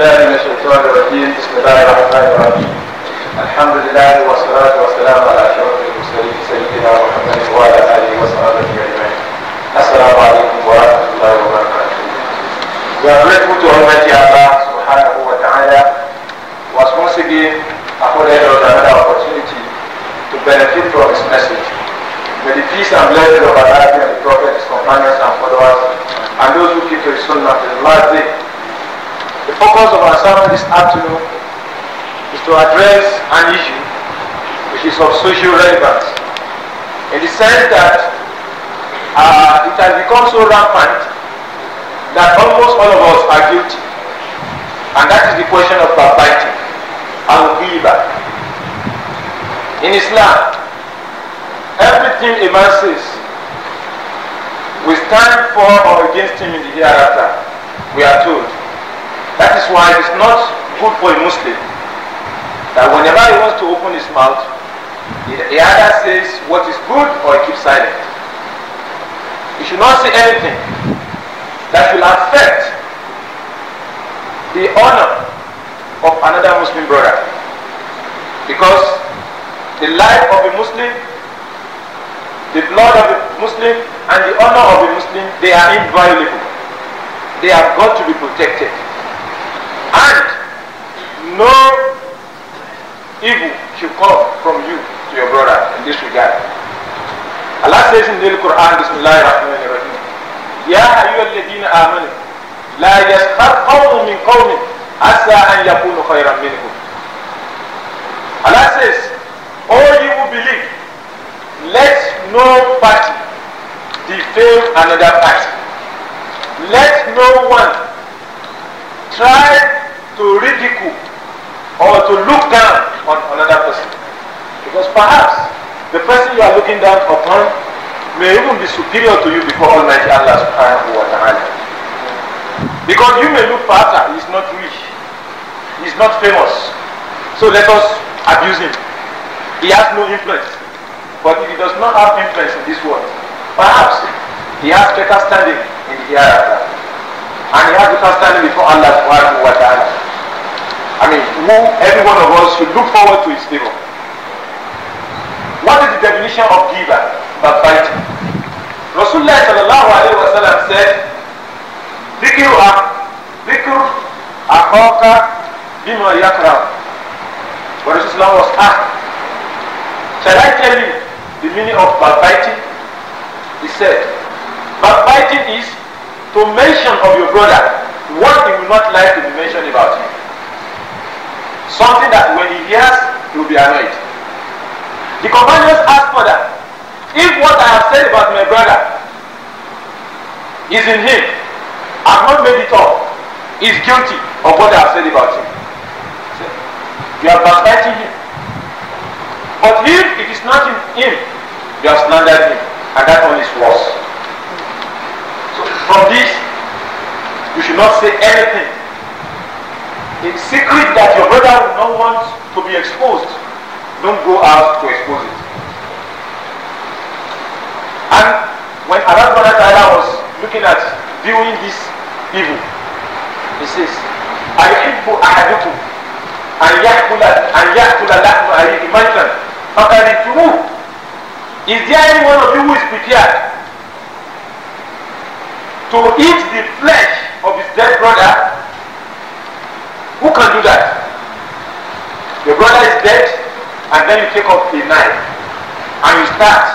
الله من الشيطان الرجيم بسم الله الرحمن الرحيم الحمد لله والصلاة والسلام على أشرف المرسلين سيدنا محمد وعلى آله وصحبه أجمعين السلام عليكم ورحمة الله وبركاته جابلت متهمتي الله سبحانه وتعالى وسمسكي أقول إلى الأمانة opportunity to benefit from this message may the peace and blessings of Allah be on the Prophet, his companions and followers and those who keep his sunnah to the last day The focus of our sermon this afternoon is to address an issue which is of social relevance in the sense that uh, it has become so rampant that almost all of us are guilty. And that is the question of backbiting and back. In Islam, everything a man says we stand for or against him in the hereafter, we are told. That is why it's not good for a Muslim that whenever he wants to open his mouth, he either says what is good or he keeps silent. He should not say anything that will affect the honor of another Muslim brother. Because the life of a Muslim, the blood of a Muslim, and the honor of a Muslim, they are inviolable. They have got to be protected and no evil should come from you to your brother in this regard. Allah says in the Quran, Bismillahir Rahmanir Rahim, يا أيها الذين آمنوا لا يسخر قوم من قوم عسى أن يكونوا خيرا منهم. Allah says, all you who believe, let no party defame another party. Let no one try to ridicule or to look down on another person. Because perhaps the person you are looking down upon may even be superior to you before Almighty Allah subhanahu wa ta'ala. Because you may look better, he's not rich, he's not famous. So let us abuse him. He has no influence. But if he does not have influence in this world, perhaps he has better standing in the hereafter. And he has better standing before Allah subhanahu wa ta'ala. I mean, who every one of us should look forward to his favor. What is the definition of giver? Backbiting. Rasulullah sallallahu alayhi wa sallam said, Dhikru dhikru akhaka bima yakram. When Rasulullah was asked, shall I tell you the meaning of backbiting? He said, backbiting is to mention of your brother what he will not like to be mentioned about him. Something that when he hears, he will be annoyed. The companions ask further, if what I have said about my brother is in him, I have not made it up, is guilty of what I have said about him. You are backbiting him. But if it is not in him, you have slandered him, and that one is worse. So from this, you should not say anything the secret that your brother will not want to be exposed don't go out to expose it and when Allah Ta'ala was looking at viewing this evil he says "Are you And أيحب أحدكم أن يأكل أن يأكل لحم أخيه ميتا فكرهتموه Is there any one of you who is prepared to eat the flesh of his dead brother Who can do that? Your brother is dead, and then you take up a knife and you start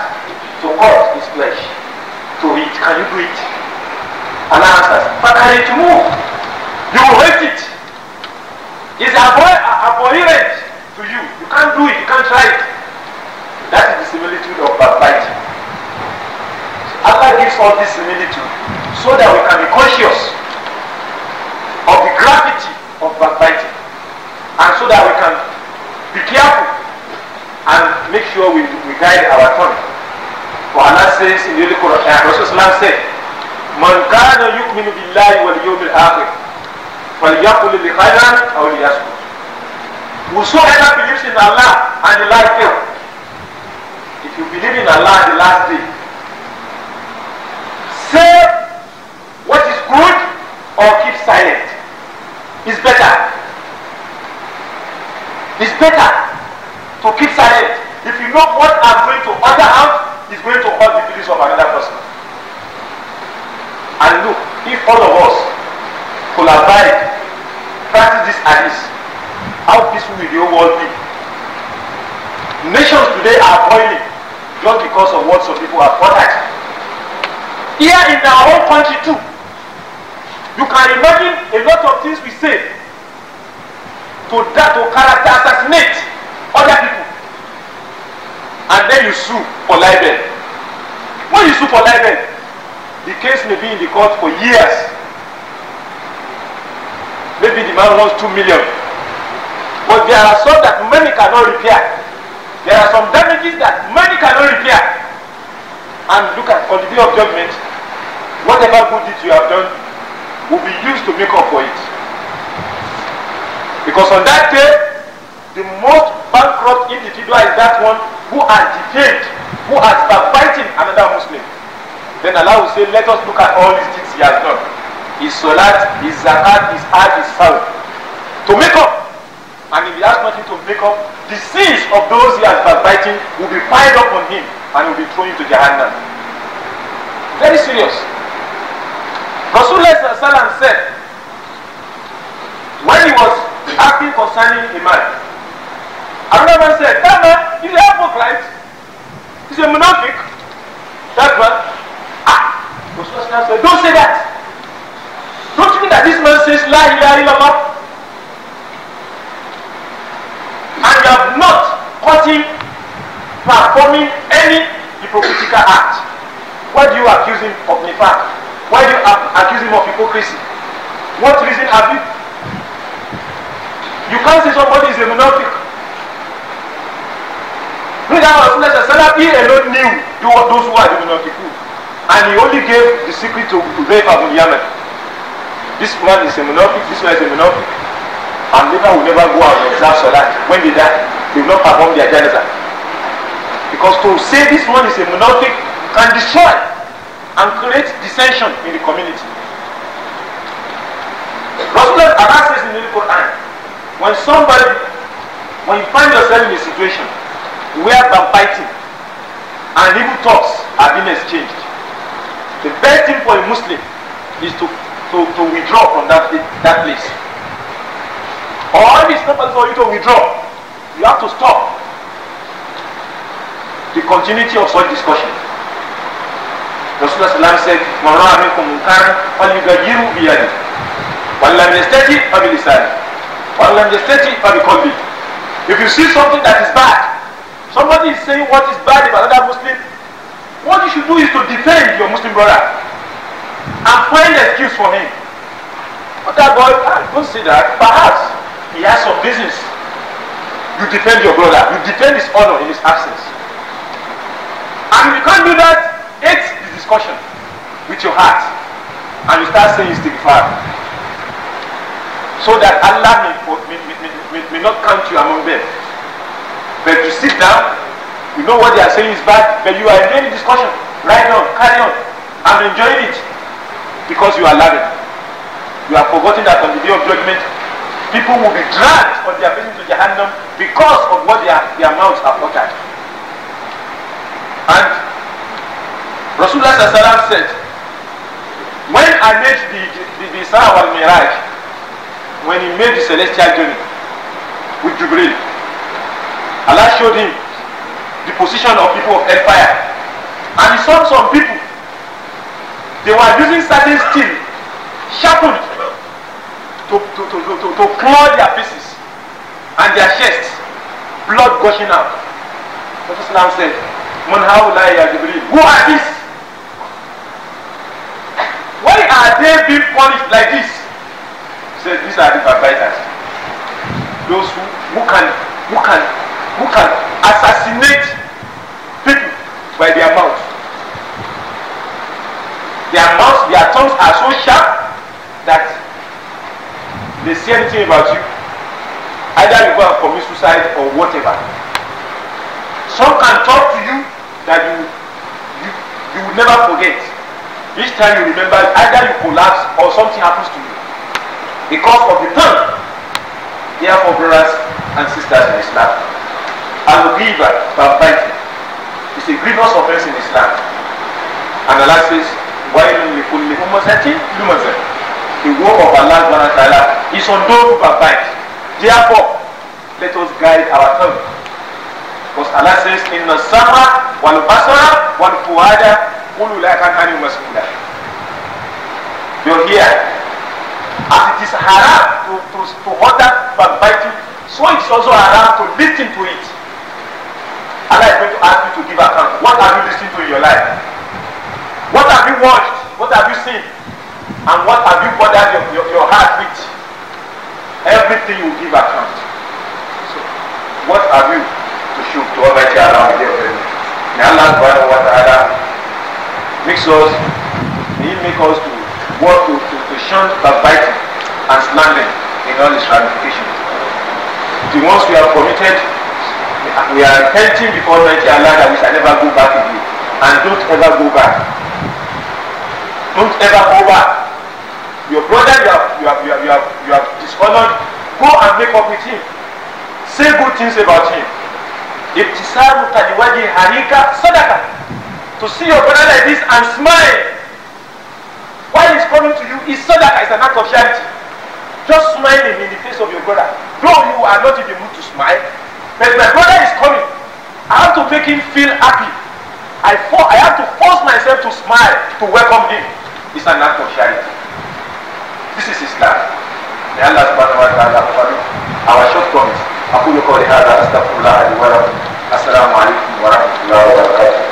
to cut his flesh to eat. Can you do it? And I answer, but can it move? You will hate it. It's abhorrent to you. You can't do it. You can't try it. That is the similitude of backbiting. Allah gives all this similitude so that khairan aw liyasmut. Whosoever believes in Allah and the last day, if you believe in Allah and the last day, say what is good or keep silent. It's better. It's better to keep silent. If you know what I'm going to order out, is going to hurt the feelings of another person. And look, if all of us could abide practice this hadith, how peaceful will the whole world be? Nations today are boiling just because of what some people have bought Here in our own country too, you can imagine a lot of things we say to that to character assassinate other people and then you sue for libel when you sue for libel the case may be in the court for years maybe the man wants two million but there are some that money cannot repair there are some damages that money cannot repair and look at on the day of judgment whatever good deed you have done will be used to make up for it because on that day the most bankrupt individual is that one who has defamed who has backbiting another muslim then allah will say let us look at all these things he has done his salat, his zakat, his hajj, his fast to make up. And if he has nothing to make up, the sins of those he has been backbiting will be piled up on him and will be thrown into Jahannam. Very serious. Rasulullah said, when he was acting concerning a man, another man said, that man is a hypocrite, he's a monarchic, that man. Ah, Rasulullah said, don't say that. Says ṣe láìlá ìlọ́lọ́ and you have not cutting performing any hypocritical act why do you accuse him of nifaq why do you accuse him of hypocrisy what reason have you you can't say somebody is a monarchic. Look at our sílẹ̀ sẹ́lá he alone knew those who are the monarchic, and he only gave the secret to Hudayfa bin Yaman. This man is a monopic, this man is a monopic. And never will never go out and observe Salat. When they die, they will not perform their janaza. Because to say this one is a monopic can destroy and create dissension in the community. Rasulullah Allah says in the Quran, when somebody, when you find yourself in a situation where backbiting and evil talks are being exchanged, the best thing for a Muslim is to to, to withdraw from that, that place. Or if it's not possible for you to withdraw, you have to stop the continuity of such discussion. Rasulullah said, "Man ra'a minkum munkaran falyughayyirhu bi yadihi, wa lam yastati' fa bi lisanihi, wa lam yastati' fa bi qalbihi." If you see something that is bad, somebody is saying what is bad about another Muslim, what you should do is to defend your Muslim brother and find excuse for him. But that boy, I ah, don't see that. Perhaps he has some business. You defend your brother. You defend his honor in his absence. And you can't do that, hate the discussion with your heart. And you start saying istighfar. So that Allah may, may, may, may not count you among them. But you sit down, you know what they are saying is bad, but you are enjoying the discussion. Right now. carry on. I'm enjoying it because you are loving. You are forgetting that on the day of judgment, people will be dragged on their faces to Jahannam because of what their, their mouths have uttered. And Rasulullah said, When I made the, the, the Isra al Miraj, when he made the celestial journey with Jibril, Allah showed him the position of people of empire. And he saw some people They were using certain steel, sharpened, to, to, to, to, to claw their faces and their chests, blood gushing out. Prophet Islam said, Man ya uh, Jibril. Who are these? Why are they being punished like this? He said, These are the backbiters. Those who, who can who can who can assassinate people by their mouth. Their mouths, their tongues are so sharp that they say anything about you. Either you go and commit suicide or whatever. Some can talk to you that you you, you will never forget. Each time you remember, either you collapse or something happens to you. Because of the tongue. Therefore, brothers and sisters in Islam, al-ghiba, fighting. It's a grievous offense in Islam. And Allah says, wáyélu nìkú ni homosẹ́tì lumọ̀sẹ̀ ìwọ ọ̀bà lágbára tààlà ìsọdọ́rù bàbá ẹ̀ therefore let us guide our tongue because Allah says "In the sama wal basara wal fuada kulu la kan ani masula you hear as it is haram to to to order but biting so it's also haram to listen to it Allah is going to ask you to give account what are you listening to in your life. What have you watched? What have you seen? And what have you bothered your, your, your heart with? Everything you give account. So, what have you to show to Almighty Allah? May Allah subhanahu wa ta'ala makes us, may He make us to work to, to, to shun backbiting and slandering in all its ramifications. The ones we have committed, we are repenting before Almighty Allah that we shall never go back again. And don't ever go back don't ever go back your brother you have you have you have you have, you have dishonored go and make up with him say good things about him If Tisaru tadiwaji Harika, sadaka to see your brother like this and smile while he's coming to you is sadaka is an act of charity just smiling in the face of your brother though you are not in the mood to smile but my brother is coming i have to make him feel happy i for i have to force myself to smile to welcome him It's an act of charity. This is Islam. May Allah subhanahu wa ta'ala forgive our shortcomings. أقول قولي هذا أستغفر الله لي ولكم السلام عليكم ورحمة الله وبركاته